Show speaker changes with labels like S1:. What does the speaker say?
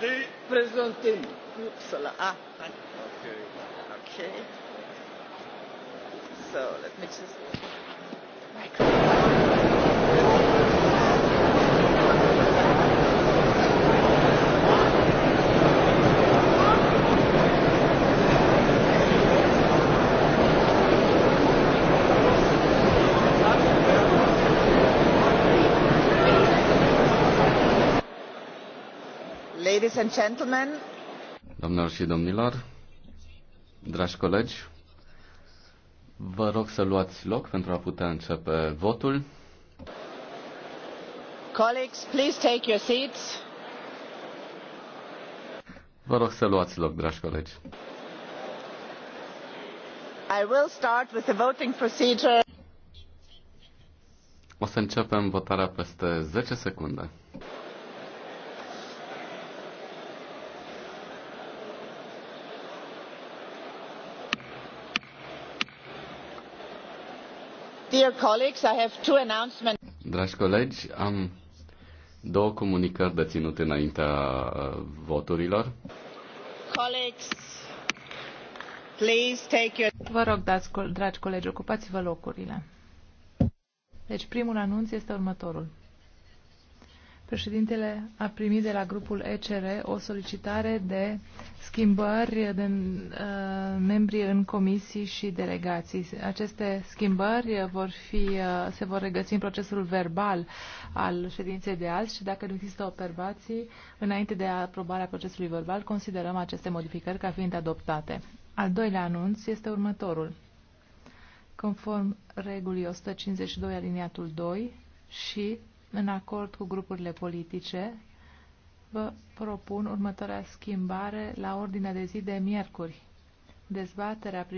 S1: de Präsidentin. Uppsala. Ah, thank Okay. Okay. So, let me just... Microphone.
S2: Doamnelor și domnilor, dragi colegi, vă rog să luați loc pentru a putea începe votul.
S3: Colleagues, please take your seats.
S2: Vă rog să luați loc, dragi colegi.
S3: I will start with the voting procedure.
S2: O să începem votarea peste 10 secunde. Dragi colegi, am două comunicări de ținut înaintea uh, voturilor.
S3: Colegi, please take your... Vă rog, dați, dragi colegi, ocupați-vă locurile. Deci primul anunț este următorul. Președintele a primit de la grupul ECR o solicitare de schimbări de uh, membri în comisii și delegații. Aceste schimbări vor fi, uh, se vor regăsi în procesul verbal al ședinței de azi și dacă nu există operații, înainte de aprobarea procesului verbal, considerăm aceste modificări ca fiind adoptate. Al doilea anunț este următorul. Conform regulii 152 aliniatul 2 și în acord cu grupurile politice, vă propun următoarea schimbare la ordinea de zi de miercuri. Dezbaterea privind